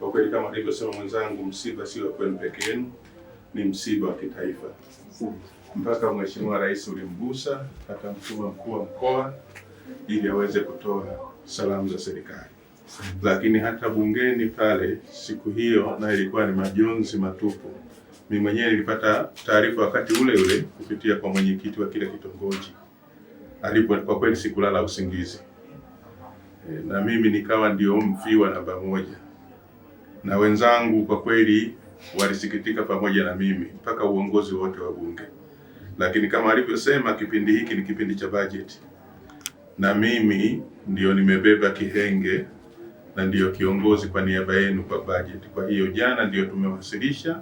Kwa kweli kama alivyosema mwenzangu, msiba wa kwenu peke yenu, ni msiba wa kitaifa. Mpaka Mheshimiwa Rais ulimgusa akamtuma mkuu wa mkoa ili aweze kutoa salamu za serikali, lakini hata bungeni pale siku hiyo na ilikuwa ni majonzi matupu. Mimi mwenyewe nilipata taarifa wakati ule ule kupitia kwa mwenyekiti wa kile kitongoji alipo, kwa kweli sikulala usingizi e, na mimi nikawa ndio mfiwa namba moja na wenzangu kwa kweli walisikitika pamoja na mimi mpaka uongozi wote wa Bunge. Lakini kama alivyosema, kipindi hiki ni kipindi cha bajeti, na mimi ndio nimebeba kihenge na ndiyo kiongozi kwa niaba yenu kwa bajeti. Kwa hiyo jana ndio tumewasilisha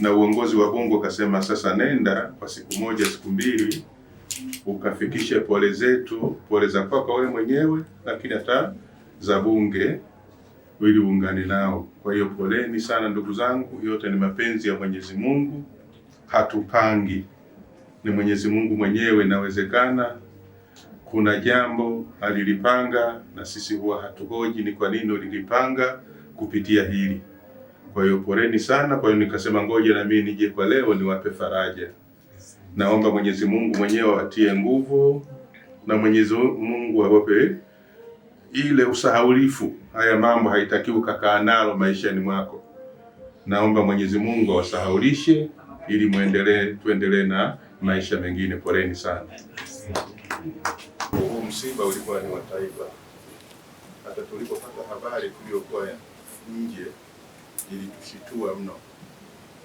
na uongozi wa Bunge ukasema, sasa nenda kwa siku moja siku mbili ukafikishe pole zetu, pole za kwako wewe mwenyewe, lakini hata za Bunge ili uungane nao. Kwa hiyo poleni sana ndugu zangu, yote ni mapenzi ya Mwenyezi Mungu, hatupangi, ni Mwenyezi Mungu mwenyewe. Inawezekana kuna jambo alilipanga na sisi huwa hatuhoji ni kwa nini ulilipanga kupitia hili. Kwa hiyo poleni sana. Kwa hiyo nikasema ngoja na mimi nije kwa leo niwape faraja. Naomba Mwenyezi Mungu mwenyewe atie nguvu na Mwenyezi Mungu awape ile usahaulifu haya mambo haitakiwi ukakaa nalo maishani mwako. Naomba Mwenyezi Mungu awasahaulishe ili muendelee, tuendelee na maisha mengine. Poleni sana. Huu msiba ulikuwa ni wa taifa. Hata tulipopata habari tuliyokuwa nje ilitushitua mno.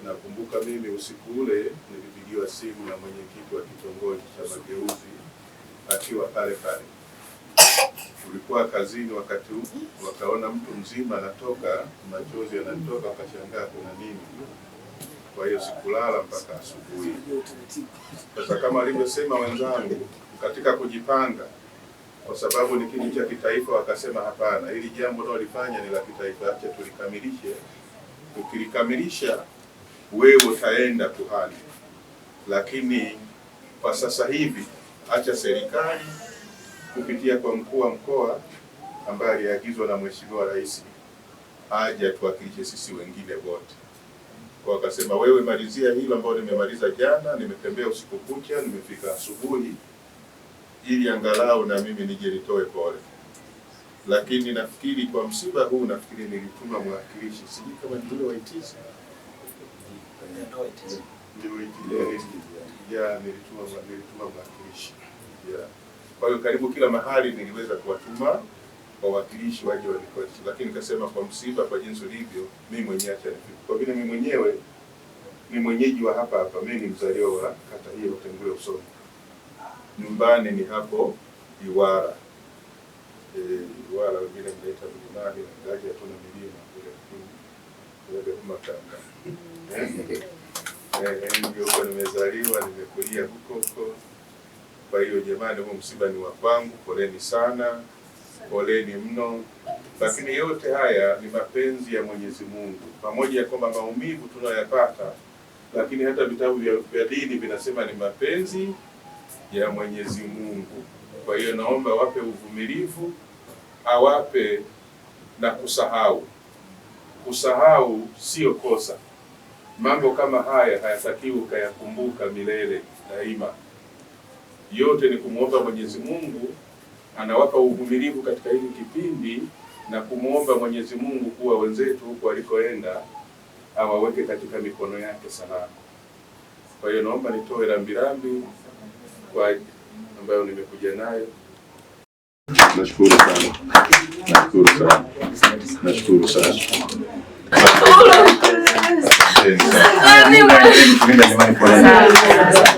Nakumbuka mimi usiku ule nilipigiwa simu na mwenyekiti wa kitongoji cha Mageuzi akiwa pale pale tulikuwa kazini wakati huu, wakaona mtu mzima anatoka, machozi yanatoka, wakashangaa kuna nini. Kwa hiyo sikulala mpaka asubuhi. Sasa kama alivyosema wenzangu, katika kujipanga, kwa sababu ni kitu cha kitaifa, wakasema hapana, hili jambo unaolifanya ni la kitaifa, acha tulikamilishe. Ukilikamilisha wewe utaenda kuhani, lakini kwa sasa hivi acha serikali kupitia kwa mkuu wa mkoa ambaye aliagizwa na Mheshimiwa Rais aje atuwakilishe sisi wengine wote. Kwa akasema, wewe malizia hilo ambayo nimemaliza jana, nimetembea usiku kucha, nimefika asubuhi, ili angalau na mimi nije nitoe pole. Lakini nafikiri kwa msiba huu, nafikiri nilituma mwakilishi, sijui kama ni yule Ya, nilituma mwakilishi kwa hiyo karibu kila mahali niliweza kuwatuma wawakilishi waje wanikwetu, lakini nikasema kwa msiba, kwa jinsi ulivyo, mimi mwenyewe acha nifike, kwa vile mimi mwenyewe ni mwenyeji wa hapa hapa, mimi ni mzaliwa wa kata hiyo Utengule Usoni, nyumbani ni hapo Iwara e, Iwara wengine mnaita milimani na ngaji, hatuna milima Tanga, eh, eh, ndio kwa nimezaliwa, nimekulia huko huko. Kwa hiyo jamani, huu msiba ni wa kwangu, poleni sana, poleni mno. Lakini yote haya ni mapenzi ya Mwenyezi Mungu, pamoja ya kwamba maumivu tunayapata, lakini hata vitabu vya dini vinasema ni mapenzi ya Mwenyezi Mungu. Kwa hiyo naomba wape uvumilivu, awape na kusahau. Kusahau sio kosa. Mambo kama haya hayatakiwi ukayakumbuka milele daima yote ni kumwomba Mwenyezi Mungu anawapa uvumilivu katika hili kipindi na kumwomba Mwenyezi Mungu kuwa wenzetu huko walikoenda awaweke katika mikono yake salama. Kwa hiyo naomba nitoe rambirambi kwa ambayo nimekuja nayo. Nashukuru sana, nashukuru sana, nashukuru sana.